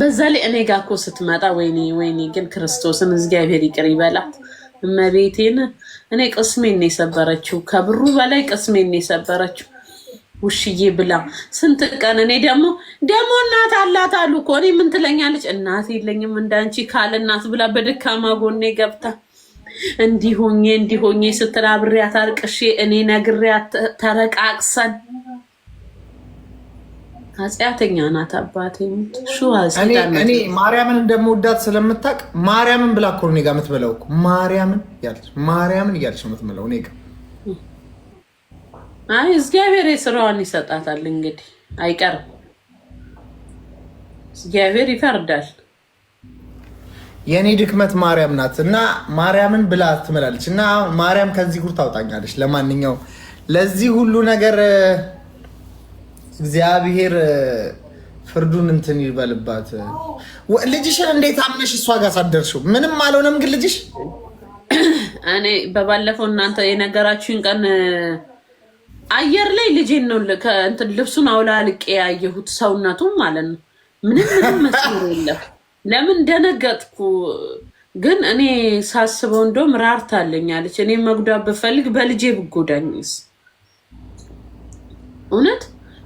በዛ ላይ እኔ ጋ እኮ ስትመጣ ወይኔ ወይኔ፣ ግን ክርስቶስን እግዚአብሔር ይቅር ይበላት እመቤቴን። እኔ ቅስሜን ነው የሰበረችው፣ ከብሩ በላይ ቅስሜን ነው የሰበረችው። ውሽዬ ብላ ስንት ቀን እኔ ደግሞ ደግሞ እናት አላት አሉ እኮ እኔ ምን ትለኛለች? እናት የለኝም እንዳንቺ ካለ እናት ብላ በደካማ ጎኔ ገብታ እንዲሆኜ እንዲሆኜ ስትል አብሬያት አልቅሼ እኔ ነግሬያት ተረቃቅሰን ኃጢአተኛ ናት። አባቴ እኔ ማርያምን እንደምወዳት ስለምታውቅ ማርያምን ብላ እኮ እኔ ጋ የምትበለው ማርያምን እያለች ማርያምን እያለች ነው የምትበለው እኔ ጋ። አይ እግዚአብሔር የስራዋን ይሰጣታል። እንግዲህ አይቀርም፣ እግዚአብሔር ይፈርዳል። የእኔ ድክመት ማርያም ናት እና ማርያምን ብላ ትምላለች እና ማርያም ከዚህ ጉር ታውጣኛለች። ለማንኛውም ለዚህ ሁሉ ነገር እግዚአብሔር ፍርዱን እንትን ይበልባት። ልጅሽን እንዴት አምነሽ እሷ ጋር ሳደርሽው? ምንም አልሆነም። ግን ልጅሽ እኔ በባለፈው እናንተ የነገራችሁን ቀን አየር ላይ ልጄን ነው ከእንትን ልብሱን አውላልቄ ያየሁት ሰውነቱ ማለት ነው። ምንም ምንም መስሎ የለም። ለምን ደነገጥኩ? ግን እኔ ሳስበው እንደውም ራርታለኛለች። እኔ መጉዳት ብፈልግ በልጄ ብጎዳኝስ እውነት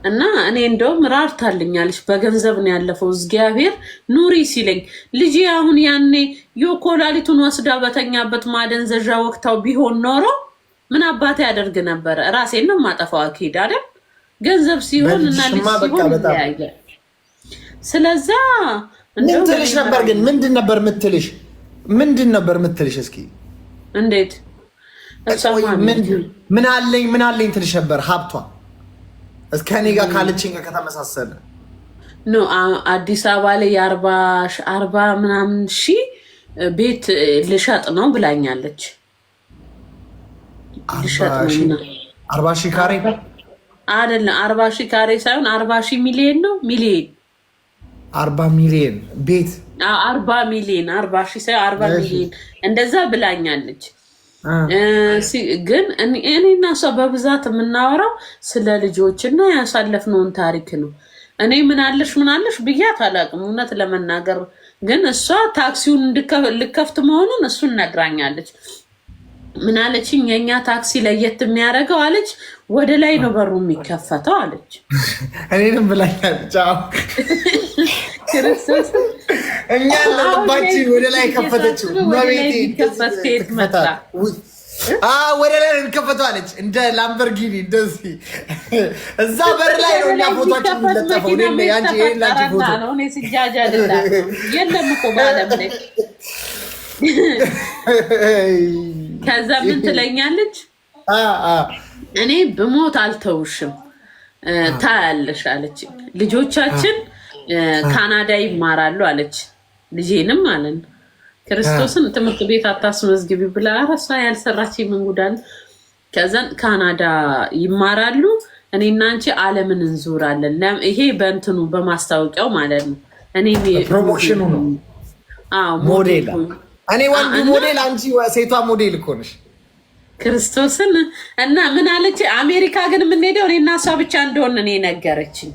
እና እኔ እንደውም ራርታልኛለች በገንዘብ ነው ያለፈው እግዚአብሔር ኑሪ ሲለኝ ልጅ አሁን ያኔ የኮላሊቱን ወስዳ በተኛበት ማደንዘዣ ወቅታው ቢሆን ኖሮ ምን አባቴ ያደርግ ነበረ? ራሴ ነው ማጠፋው። አኪድ አይደል ገንዘብ ሲሆን እና ልጅ ሲሆን ያየ ስለዛ ምን ትልሽ ነበር? ግን ምንድን ነበር ምትልሽ? ምንድን ነበር ምትልሽ? እስኪ እንዴት ምን አለኝ ምን አለኝ ትልሽ ነበር ሀብቷ እስከኔ ጋር ካለችኝ ጋር ከተመሳሰለ ኖ አዲስ አበባ ላይ የአርባ ምናምን ሺ ቤት ልሸጥ ነው ብላኛለች። አርባ ሺ ካሬ አይደለም፣ አርባ ሺ ካሬ ሳይሆን አርባ ሺ ሚሊየን ነው። ሚሊየን አርባ ሚሊየን ቤት አርባ ሚሊየን አርባ ሺ ሳይሆን አርባ ሚሊየን እንደዛ ብላኛለች። ግን እኔና እሷ በብዛት የምናወራው ስለ ልጆች እና ያሳለፍነውን ታሪክ ነው። እኔ ምናለሽ ምናለሽ ብያት አላውቅም እውነት ለመናገር ግን እሷ ታክሲውን ልከፍት መሆኑን እሱን ነግራኛለች። ምን አለችኝ? የእኛ ታክሲ ለየት የሚያደርገው አለች፣ ወደ ላይ ነው በሩ የሚከፈተው አለች። እኔንም ብላኛለች። ክርስቶስ እኛ ለባችን ወደ ላይ ከፈተችው። ወደ ላይ አለች። እንደ ላምበርጊኒ እንደዚህ እዛ በር ላይ ነው እኛ ፎቶችን የለም እኮ ላይ ከዛ ምን ትለኛለች? እኔ ብሞት አልተውሽም ታያለሽ አለች። ልጆቻችን ካናዳ ይማራሉ አለች። ልጄንም አለን ክርስቶስን ትምህርት ቤት አታስመዝግቢ ብላ ራሷ ያልሰራች መንጉዳን ከዛን ካናዳ ይማራሉ። እኔና አንቺ ዓለምን እንዞራለን። ይሄ በእንትኑ በማስታወቂያው ማለት ነው እኔ ፕሮሞሽኑ ነው ሞዴል እኔ ወንዱ ሞዴል፣ አንቺ ሴቷ ሞዴል እኮ ነሽ። ክርስቶስን እና ምን አለች? አሜሪካ ግን የምንሄደው እኔ እና እሷ ብቻ እንደሆነ እኔ ነገረችኝ።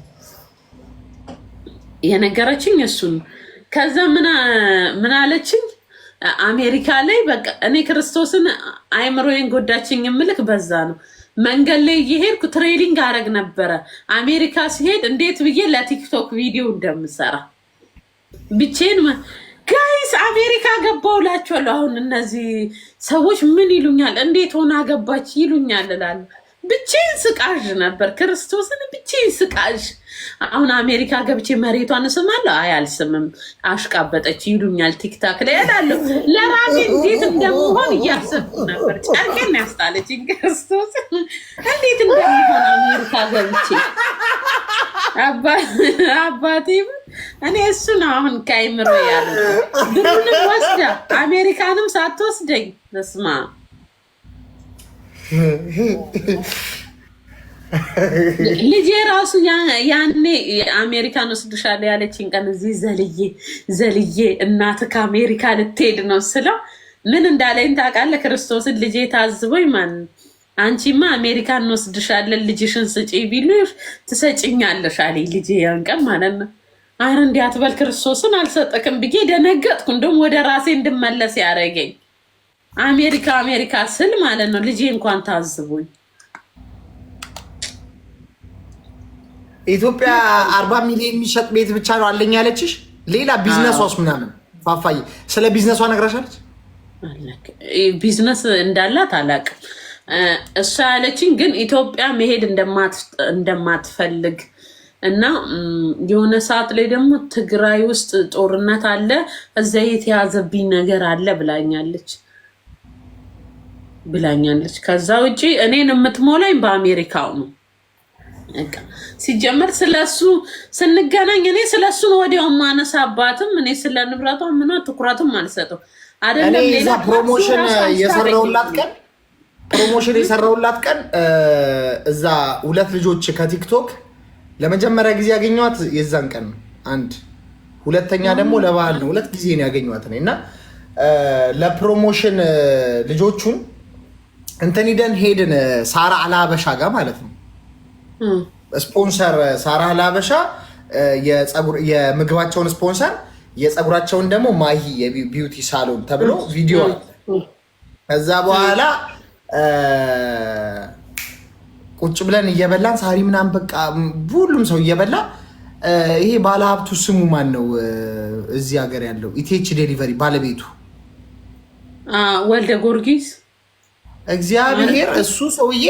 የነገረችኝ እሱን። ከዛ ምን አለችኝ? አሜሪካ ላይ በቃ እኔ ክርስቶስን አይምሮዬን ጎዳችኝ። የምልክ በዛ ነው መንገድ ላይ እየሄድኩ ትሬዲንግ አረግ ነበረ። አሜሪካ ሲሄድ እንዴት ብዬ ለቲክቶክ ቪዲዮ እንደምሰራ ብቼን ጋይስ አሜሪካ ገባው አሁን እነዚህ ሰዎች ምን ይሉኛል? እንዴት ሆና ገባች ይሉኛል እላለሁ። ብቼን ስቃዥ ነበር ክርስቶስን ብቼን ስቃዥ። አሁን አሜሪካ ገብቼ መሬቷን እስማለሁ። አይ አልስምም፣ አሽቃበጠች ይሉኛል። ቲክታክ ላይ እላለሁ። ለራሴ እንዴት እንደምሆን እያስብ ነበር። ጨርቄን ያስጣለች ክርስቶስ። እንዴት እንደምሆን አሜሪካ ገብቼ አባቴ እኔ እሱ ነው አሁን ከአይምሮ ያለ ብሩንም ወስዳ አሜሪካንም ሳትወስደኝ በስመ አብ ልጄ ራሱ ያኔ አሜሪካን ወስድሻለሁ ያለችኝ ቀን እዚህ ዘልዬ ዘልዬ እናት ከአሜሪካ ልትሄድ ነው ስለው ምን እንዳለኝ ታውቃለህ? ክርስቶስን ልጄ ታዝቦኝ ማን አንቺማ አሜሪካን እንወስድሻለን ልጅሽን ስጪ ቢሉ ትሰጭኛለሽ አለኝ። ልጄ ያን ቀን ማለት ነው። አረ እንዲያትበል ክርስቶስን አልሰጠክም ብዬ ደነገጥኩ። እንደውም ወደ ራሴ እንድመለስ ያደረገኝ አሜሪካ አሜሪካ ስል ማለት ነው። ልጄ እንኳን ታዝቡኝ። ኢትዮጵያ አርባ ሚሊዮን የሚሸጥ ቤት ብቻ ነው አለኝ ያለችሽ። ሌላ ቢዝነሷስ ምናምን ፋፋዬ፣ ስለ ቢዝነሷ ነግራሻለች? ቢዝነስ እንዳላት አላውቅም። እሷ ያለችኝ ግን ኢትዮጵያ መሄድ እንደማትፈልግ እና የሆነ ሰዓት ላይ ደግሞ ትግራይ ውስጥ ጦርነት አለ፣ እዚያ የተያዘብኝ ነገር አለ ብላኛለች። ብላኛለች። ከዛ ውጭ እኔን የምትሞላኝ በአሜሪካው ነው። ሲጀመር ስለሱ ስንገናኝ እኔ ስለሱን ወዲያው ማነሳባትም እኔ ስለ ንብረቷ ምና ትኩረትም አልሰጠው አይደለም። ሌላ ፕሮሞሽን የሰራውላት ቀን ፕሮሞሽን የሰራውላት ቀን እዛ ሁለት ልጆች ከቲክቶክ ለመጀመሪያ ጊዜ ያገኘዋት የዛን ቀን ነው። አንድ ሁለተኛ ደግሞ ለበዓል ነው። ሁለት ጊዜ ነው ያገኘዋት እኔ እና ለፕሮሞሽን ልጆቹን እንትን ሂደን ሄድን ሳራ አላበሻ ጋር ማለት ነው። ስፖንሰር ሳራ አላበሻ የምግባቸውን ስፖንሰር የፀጉራቸውን ደግሞ ማሂ የቢዩቲ ሳሎን ተብሎ ቪዲዮ ከዛ በኋላ ቁጭ ብለን እየበላን ሳሪ ምናምን በቃ ሁሉም ሰው እየበላ ይሄ ባለሀብቱ ስሙ ማን ነው? እዚህ ሀገር ያለው ኢቴች ዴሊቨሪ ባለቤቱ ወልደ ጎርጊዝ? እግዚአብሔር እሱ ሰውዬ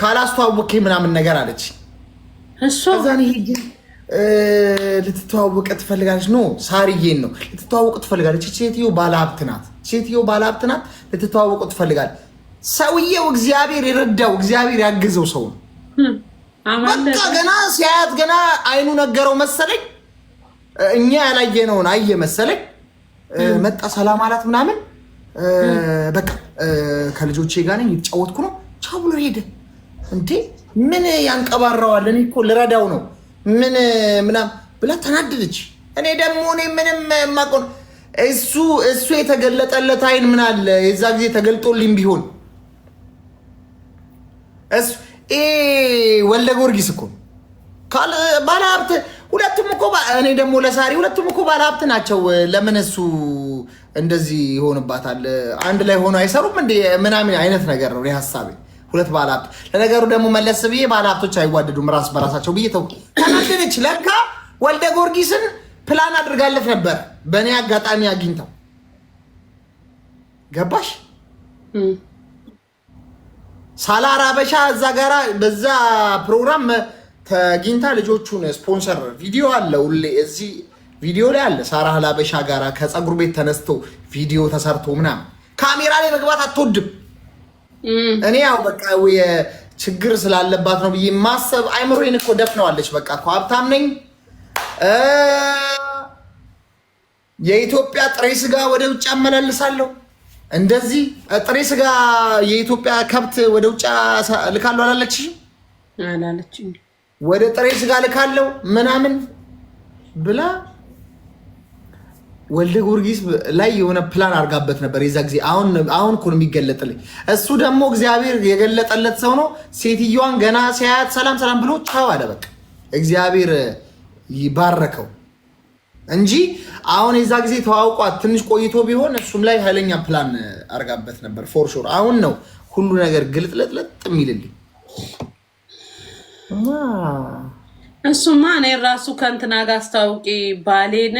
ካላስተዋወቅ ምናምን ነገር አለች። ልትተዋወቀ ትፈልጋለች። ኖ ሳርዬን ነው ልትተዋወቁ ትፈልጋለች። ሴትዮ ባለሀብት ናት። ሴትዮ ባለሀብት ናት። ልትተዋወቁ ትፈልጋለች። ሰውዬው እግዚአብሔር የረዳው እግዚአብሔር ያገዘው ሰው ነው። በቃ ገና ሲያያት ገና አይኑ ነገረው መሰለኝ። እኛ ያላየነውን አየ መሰለኝ። መጣ ሰላም አላት ምናምን በቃ ከልጆቼ ጋር እየተጫወትኩ ነው ቻው ብሎ ሄደ። እንዴ ምን ያንቀባረዋል? እኔ እኮ ልረዳው ነው ምን ምናምን ብላ ተናደደች። እኔ ደግሞ እኔ ምንም የማውቀው እሱ እሱ የተገለጠለት አይን ምን አለ የዛ ጊዜ ተገልጦልኝ ቢሆን እሱ ወልደ ጊዮርጊስ እኮ ባለሀብት ሁለቱም እኮ እኔ ደግሞ ለሳሪ ሁለቱም እኮ ባለሀብት ናቸው። ለምን እሱ እንደዚህ ይሆንባታል፣ አንድ ላይ ሆኖ አይሰሩም እንደ ምናምን አይነት ነገር ነው ሀሳቤ። ሁለት ባለሀብት ለነገሩ ደግሞ መለስ ብዬ ባለሀብቶች አይዋደዱም ራስ በራሳቸው ብዬ ተው ተናደደች። ለካ ወልደ ጊዮርጊስን ፕላን አድርጋለት ነበር በእኔ አጋጣሚ አግኝተው ገባሽ ሳላር አበሻ እዛ ጋራ በዛ ፕሮግራም ተግኝታ ልጆቹን ስፖንሰር ቪዲዮ አለ ሁሌ እዚህ ቪዲዮ ላይ አለ። ሳራ ሀላበሻ ጋራ ከፀጉር ቤት ተነስቶ ቪዲዮ ተሰርቶ ምናምን ካሜራ ላይ መግባት አትወድም። እኔ ያው በቃ ችግር ስላለባት ነው ብዬ ማሰብ አይምሮዬን እኮ ደፍነዋለች። በቃ እኮ ሀብታም ነኝ የኢትዮጵያ ጥሬ ስጋ ወደ ውጭ አመላልሳለሁ፣ እንደዚህ ጥሬ ስጋ የኢትዮጵያ ከብት ወደ ውጭ ልካለሁ አላለች አላለች። ወደ ጥሬ ስጋ ልካለሁ ምናምን ብላ ወልደ ጊዮርጊስ ላይ የሆነ ፕላን አድርጋበት ነበር የዛ ጊዜ። አሁን አሁን እኮ ነው የሚገለጥልኝ። እሱ ደግሞ እግዚአብሔር የገለጠለት ሰው ነው። ሴትዮዋን ገና ሲያያት ሰላም ሰላም ብሎ ቻው አለ። በቃ እግዚአብሔር ይባረከው እንጂ አሁን የዛ ጊዜ ተዋውቋት ትንሽ ቆይቶ ቢሆን እሱም ላይ ኃይለኛ ፕላን አድርጋበት ነበር ፎር ሹር። አሁን ነው ሁሉ ነገር ግልጥለጥለጥ የሚልልኝ። እሱማ እኔ ራሱ ከእንትና ጋር አስታውቂ ባሌን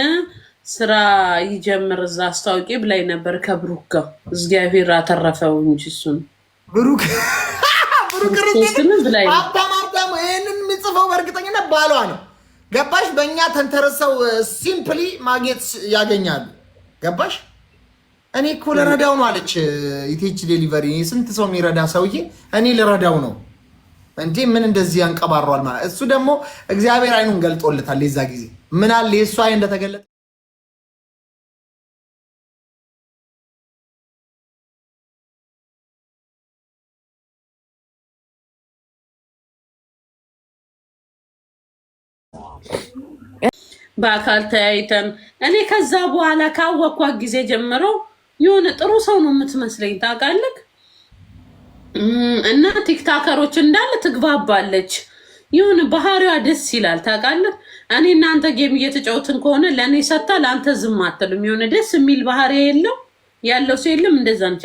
ስራ ይጀምር እዛ አስታውቂ ብላይ ነበር ከብሩክ ጋር እግዚአብሔር አተረፈው እንጂ እሱን ብሩክ ብሩክ ይህንን የሚጽፈው በእርግጠኝነት ባሏ ነው። ገባሽ? በእኛ ተንተረሰው ሲምፕሊ ማግኘት ያገኛሉ። ገባሽ? እኔ እኮ ልረዳው ነው አለች ኢቴች ዴሊቨሪ። ስንት ሰው የሚረዳ ሰውዬ እኔ ልረዳው ነው እንዴ ምን እንደዚህ ያንቀባሯል ማለት እሱ ደግሞ እግዚአብሔር አይኑን ገልጦለታል። የዛ ጊዜ ምናል የእሱ አይ እንደተገለጠ በአካል ተያይተን እኔ ከዛ በኋላ ካወቅኳት ጊዜ ጀምሮ የሆነ ጥሩ ሰው ነው የምትመስለኝ ታውቃለህ። እና ቲክታከሮች እንዳለ ትግባባለች። የሆነ ባህሪዋ ደስ ይላል ታውቃለህ። እኔ እናንተ ጌም እየተጫወትን ከሆነ ለእኔ ሰታ ለአንተ ዝም አትልም። የሆነ ደስ የሚል ባህሪ የለው ያለው ሰው የለም እንደዛ ነች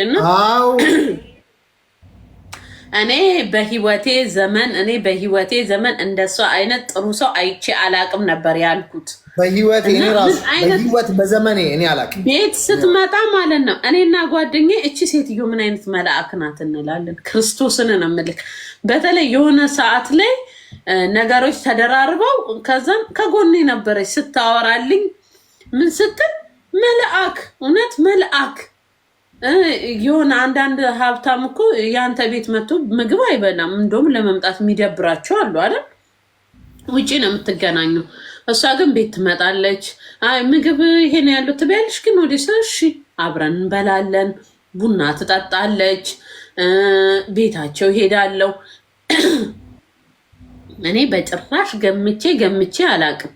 እኔ በህይወቴ ዘመን እኔ በህይወቴ ዘመን እንደሷ አይነት ጥሩ ሰው አይቼ አላቅም ነበር ያልኩት። በህይወት በዘመኔ እኔ አላቅም። ቤት ስትመጣ ማለት ነው እኔና ጓደኛ እቺ ሴትዮ ምን አይነት መልአክ ናት እንላለን። ክርስቶስን ነው የምልክ። በተለይ የሆነ ሰዓት ላይ ነገሮች ተደራርበው ከዛም ከጎኔ ነበረች ስታወራልኝ ምን ስትል መልአክ እውነት መልአክ የሆነ አንዳንድ ሀብታም እኮ የአንተ ቤት መጥቶ ምግብ አይበላም። እንደውም ለመምጣት የሚደብራቸው አሉ አይደል? ውጪ ነው የምትገናኙ። እሷ ግን ቤት ትመጣለች። አይ ምግብ ይሄን ያለው ትበያለሽ፣ ግን ወደ እሺ አብረን እንበላለን። ቡና ትጠጣለች። ቤታቸው ሄዳለው። እኔ በጭራሽ ገምቼ ገምቼ አላውቅም።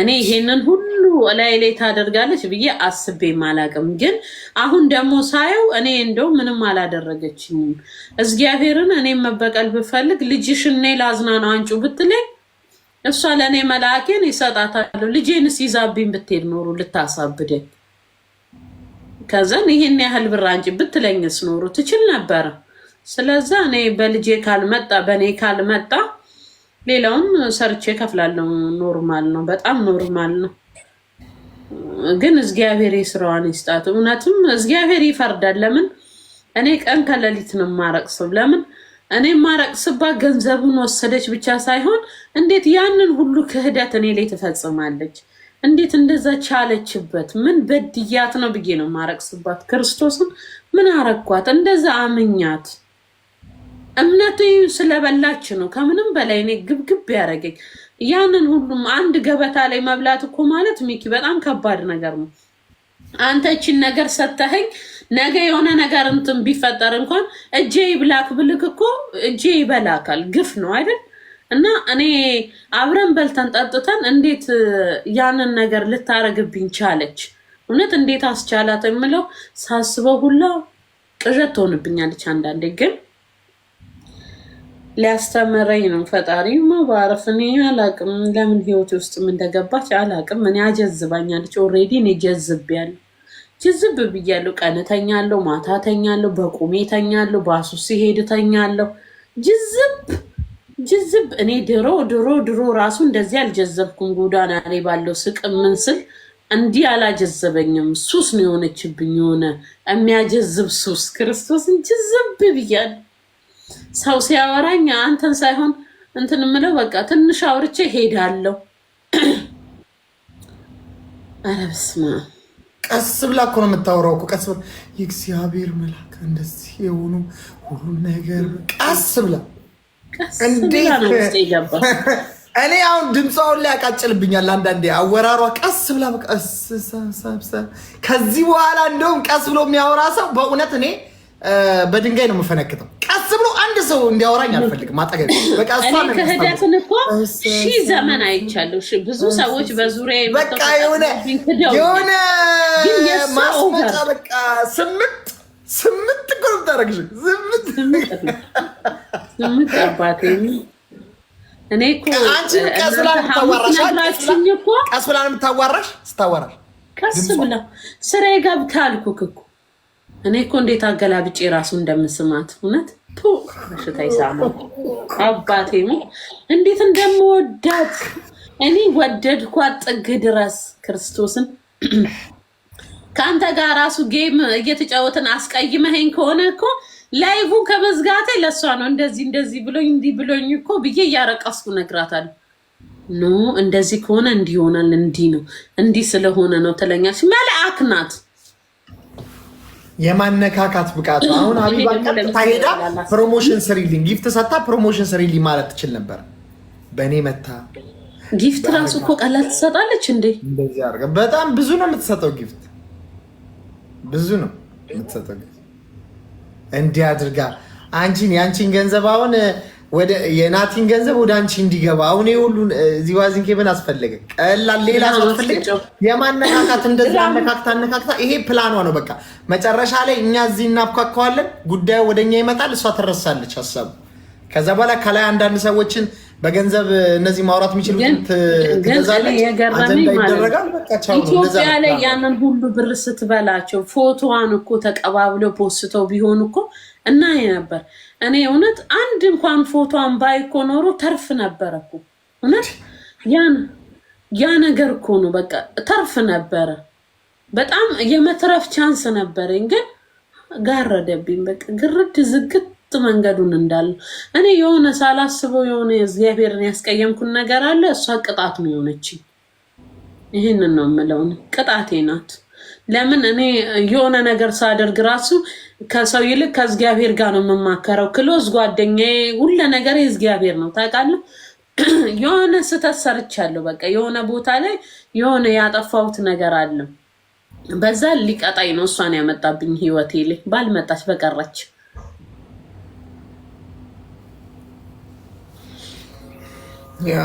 እኔ ይሄንን ሁሉ ላይ ላይ ታደርጋለች ብዬ አስቤም አላቅም። ግን አሁን ደግሞ ሳየው እኔ እንደው ምንም አላደረገችኝም። እግዚአብሔርን እኔ መበቀል ብፈልግ ልጅሽ እኔ ላዝና ነው አንጩ ብትለኝ እሷ ለእኔ መልአኬን ይሰጣታለሁ። ልጄንስ ይዛብኝ ብትሄድ ኖሩ ልታሳብደኝ ከዘን ይህን ያህል ብር አንጪ ብትለኝስ ኖሩ ትችል ነበረ። ስለዛ እኔ በልጄ ካልመጣ በእኔ ካልመጣ ሌላውን ሰርቼ ከፍላለሁ። ኖርማል ነው፣ በጣም ኖርማል ነው። ግን እግዚአብሔር የስራዋን ይስጣት። እውነትም እግዚአብሔር ይፈርዳል። ለምን እኔ ቀን ከሌሊት ነው የማረቅስብ። ለምን እኔ የማረቅስባት ገንዘቡን ወሰደች ብቻ ሳይሆን እንዴት ያንን ሁሉ ክህደት እኔ ላይ ትፈጽማለች? እንዴት እንደዛ ቻለችበት? ምን በድያት ነው ብዬ ነው የማረቅስባት። ክርስቶስን ምን አረኳት? እንደዛ አምኛት እምነቱ ስለበላች ነው። ከምንም በላይ እኔ ግብግብ ያደረገኝ ያንን ሁሉም አንድ ገበታ ላይ መብላት እኮ ማለት ሚኪ በጣም ከባድ ነገር ነው። አንተ ነገር ሰተኸኝ ነገ የሆነ ነገር እንትን ቢፈጠር እንኳን እጄ ይብላክ ብልክ እኮ እጄ ይበላካል። ግፍ ነው አይደል? እና እኔ አብረን በልተን ጠጥተን እንዴት ያንን ነገር ልታረግብኝ ቻለች? እውነት እንዴት አስቻላት? የምለው ሳስበው ሁላ ቅዠት ትሆንብኛለች አንዳንዴ ግን ሊያስተምረኝ ነው ፈጣሪ ማባረፍ። እኔ አላቅም፣ ለምን ህይወቴ ውስጥም እንደገባች አላቅም። እኔ አጀዝባኛለች። ኦልሬዲ እኔ ጀዝቤያለሁ፣ ጅዝብ ብያለሁ። ቀን ተኛለሁ፣ ማታ ተኛለሁ፣ በቁሜ ተኛለሁ፣ ባሱ ሲሄድ ተኛለሁ። ጅዝብ ጅዝብ። እኔ ድሮ ድሮ ድሮ ራሱ እንደዚህ አልጀዘብኩም። ጎዳና ላይ ባለው ስቅ ምን ስል እንዲህ አላጀዘበኝም። ሱስ ነው የሆነችብኝ፣ የሆነ የሚያጀዝብ ሱስ። ክርስቶስን ጅዝብ ብያለሁ። ሰው ሲያወራኝ አንተን ሳይሆን እንትን የምለው በቃ ትንሽ አውርቼ ሄዳለሁ። ኧረ በስመ አብ ቀስ ብላ እኮ ነው የምታወራው እኮ ቀስ ብላ የእግዚአብሔር መልአክ እንደዚህ የሆኑ ሁሉ ነገር ቀስ ብላ እኔ አሁን ድምፃውን ላይ ያቃጭልብኛል አንዳንዴ አወራሯ ቀስ ብላ ቀስ ከዚህ በኋላ እንደውም ቀስ ብሎ የሚያወራ ሰው በእውነት እኔ በድንጋይ ነው የምፈነክተው ቀስ ብሎ አንድ ሰው እንዲያወራኝ አልፈልግም። አጠገብ በቃ ክህደትን እኮ ሺህ ዘመን አይቻለሁ። ብዙ ሰዎች በዙሪያ በቃ የሆነ የሆነ ማስመጫ በቃ ስምንት ስምንት እኮ ነው የምታደርግሽ። ስምንት ስምንት አባቴ እኔ እኮ አንቺ ቀስ ብላ የምታዋራሽ ስታዋራሽ ቀስ ብላ ስራዬ ገብታ አልኩክ እኮ እኔ እኮ እንዴት አገላብጬ ራሱ እንደምስማት እውነት በሽታ ይሳማ አባቴም እንዴት እንደምወዳት እኔ ወደድኳት ጥግ ድረስ ክርስቶስን ከአንተ ጋር ራሱ ጌም እየተጫወትን አስቀይመኸኝ ከሆነ እኮ ላይቡ ከመዝጋቴ ለእሷ ነው። እንደዚህ እንደዚህ ብሎኝ እንዲህ ብሎኝ እኮ ብዬ እያረቀስኩ ነግራታለሁ። ኖ እንደዚህ ከሆነ እንዲህ ይሆናል፣ እንዲህ ነው፣ እንዲህ ስለሆነ ነው ትለኛለች። መልአክ ናት። የማነካካት ብቃቱ አሁን ሀቢባ ቀጥታ ሄዳ ፕሮሞሽን ስሪልኝ ጊፍት ሰታ ፕሮሞሽን ስሪልኝ ማለት ትችል ነበር። በእኔ መታ ጊፍት ራሱ እኮ ቀላል ትሰጣለች እንዴ! እንደዚህ አርገ በጣም ብዙ ነው የምትሰጠው ጊፍት ብዙ ነው የምትሰጠው ጊፍት እንዲህ አድርጋ አንቺን የአንቺን ገንዘብ አሁን የናቲን ገንዘብ ወደ አንቺ እንዲገባ አሁን ሁሉን ዚዋዚን ኬብን አስፈለገ። ቀላል ሌላ ሰው አስፈለገ። የማነካካት እንደዚህ አነካክታ አነካክታ፣ ይሄ ፕላኗ ነው። በቃ መጨረሻ ላይ እኛ እዚህ እናብኳከዋለን፣ ጉዳዩ ወደ እኛ ይመጣል፣ እሷ ትረሳለች ሀሳቡ። ከዛ በኋላ ከላይ አንዳንድ ሰዎችን በገንዘብ እነዚህ ማውራት የሚችሉ ትገዛለች፣ አጀንዳ ይደረጋል። ኢትዮጵያ ላይ ያንን ሁሉ ብር ስትበላቸው ፎቶዋን እኮ ተቀባብለው ፖስተው ቢሆን እኮ እና ነበር እኔ እውነት አንድ እንኳን ፎቶን ባይኮ ኖሮ ተርፍ ነበረ እኮ እውነት ያ ነገር እኮ ነው። በቃ ተርፍ ነበረ። በጣም የመትረፍ ቻንስ ነበረኝ፣ ግን ጋረደብኝ። በቃ ግርድ ዝግት መንገዱን እንዳለ እኔ የሆነ ሳላስበው የሆነ እግዚአብሔርን ያስቀየምኩን ነገር አለ። እሷ ቅጣት ነው የሆነችኝ። ይህንን ነው የምለውን ቅጣቴ ናት። ለምን እኔ የሆነ ነገር ሳደርግ ራሱ ከሰው ይልቅ ከእግዚአብሔር ጋር ነው የምማከረው። ክሎዝ ጓደኛዬ፣ ሁለ ነገር እግዚአብሔር ነው ታውቃለህ። የሆነ ስህተት ሰርቻለሁ፣ በቃ የሆነ ቦታ ላይ የሆነ ያጠፋሁት ነገር አለ። በዛ ሊቀጣኝ ነው እሷን ያመጣብኝ ህይወቴ ላይ ባልመጣች በቀረች ያ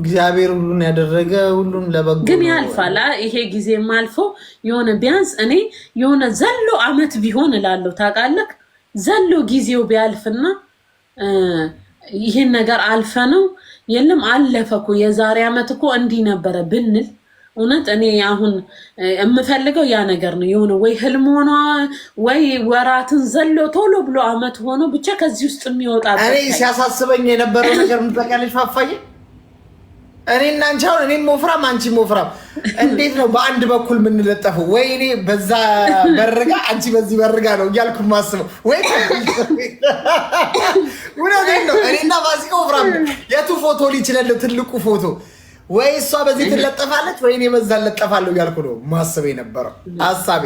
እግዚአብሔር ሁሉን ያደረገ ሁሉን ለበጎ ግን ያልፋል። ይሄ ጊዜም አልፎ የሆነ ቢያንስ እኔ የሆነ ዘሎ አመት ቢሆን እላለሁ። ታውቃለህ ዘሎ ጊዜው ቢያልፍና ይህን ነገር አልፈ ነው የለም አለፈ እኮ የዛሬ አመት እኮ እንዲህ ነበረ ብንል እውነት እኔ አሁን የምፈልገው ያ ነገር ነው። የሆነ ወይ ህልም ሆኗ ወይ ወራትን ዘሎ ቶሎ ብሎ አመት ሆኖ ብቻ ከዚህ ውስጥ የሚወጣ እኔ ሲያሳስበኝ የነበረው ነገር ምጠቃለች ፋፋዬ እኔ እናንቺ አሁን እኔም ወፍራም አንቺ ወፍራም፣ እንዴት ነው በአንድ በኩል የምንለጠፈው? ወይ እኔ በዛ በርጋ አንቺ በዚህ በርጋ ነው እያልኩ ማስበው ወይ እውነቴን ነው። እኔና ባዚቀ ወፍራም የቱ ፎቶ ሊችለለ ትልቁ ፎቶ ወይ እሷ በዚህ ትለጠፋለች ወይ እኔ በዛ ለጠፋለሁ እያልኩ ነው ማስበ የነበረው ሀሳቤ።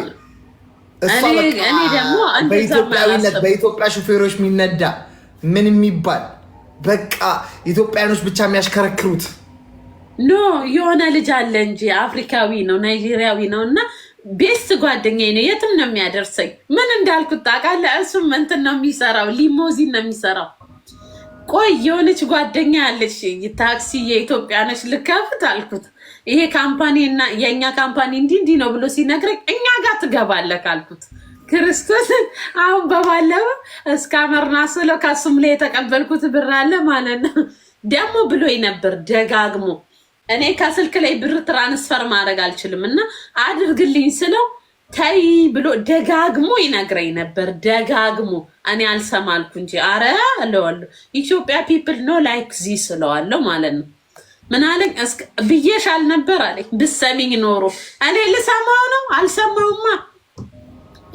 በኢትዮጵያዊነት በኢትዮጵያ ሹፌሮች የሚነዳ ምን የሚባል በቃ ኢትዮጵያኖች ብቻ የሚያሽከረክሩት ኖ የሆነ ልጅ አለ እንጂ አፍሪካዊ ነው ናይጄሪያዊ ነው እና ቤስት ጓደኛ ነው። የትም ነው የሚያደርሰኝ። ምን እንዳልኩት ታውቃለህ? እሱም እንትን ነው የሚሰራው፣ ሊሞዚን ነው የሚሰራው። ቆይ የሆነች ጓደኛ ያለች ታክሲ የኢትዮጵያ ነች ልከፍት አልኩት። ይሄ ካምፓኒ እና የእኛ ካምፓኒ እንዲህ እንዲህ ነው ብሎ ሲነግረኝ እኛ ጋር ትገባለህ አልኩት። ክርስቶስ አሁን በባለፈው እስካመርና ስለው ከሱም ላይ የተቀበልኩት ብር አለ ማለት ነው። ደግሞ ብሎኝ ነበር ደጋግሞ እኔ ከስልክ ላይ ብር ትራንስፈር ማድረግ አልችልም እና አድርግልኝ ስለው ተይ ብሎ ደጋግሞ ይነግረኝ ነበር። ደጋግሞ እኔ አልሰማልኩ እንጂ አረ እለዋለሁ። ኢትዮጵያ ፒፕል ኖ ላይክ ዚ ስለዋለሁ ማለት ነው። ምን አለኝ ብዬሽ አልነበር አለኝ። ብሰሚኝ ኖሮ እኔ ልሰማው ነው። አልሰማውማ።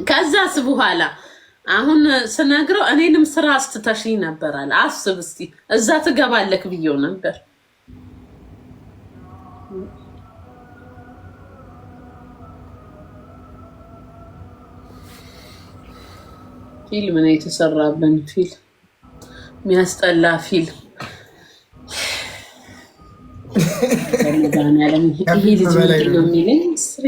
ከዛስ በኋላ አሁን ስነግረው እኔንም ስራ አስትተሽኝ ነበር አለ። አስብ እስኪ እዛ ትገባለክ ብዬው ነበር ፊልም ነው የተሰራብን። ፊልም የሚያስጠላ ፊልም። ይሄ ልጅ ምንድን ነው የሚለኝ ስሬ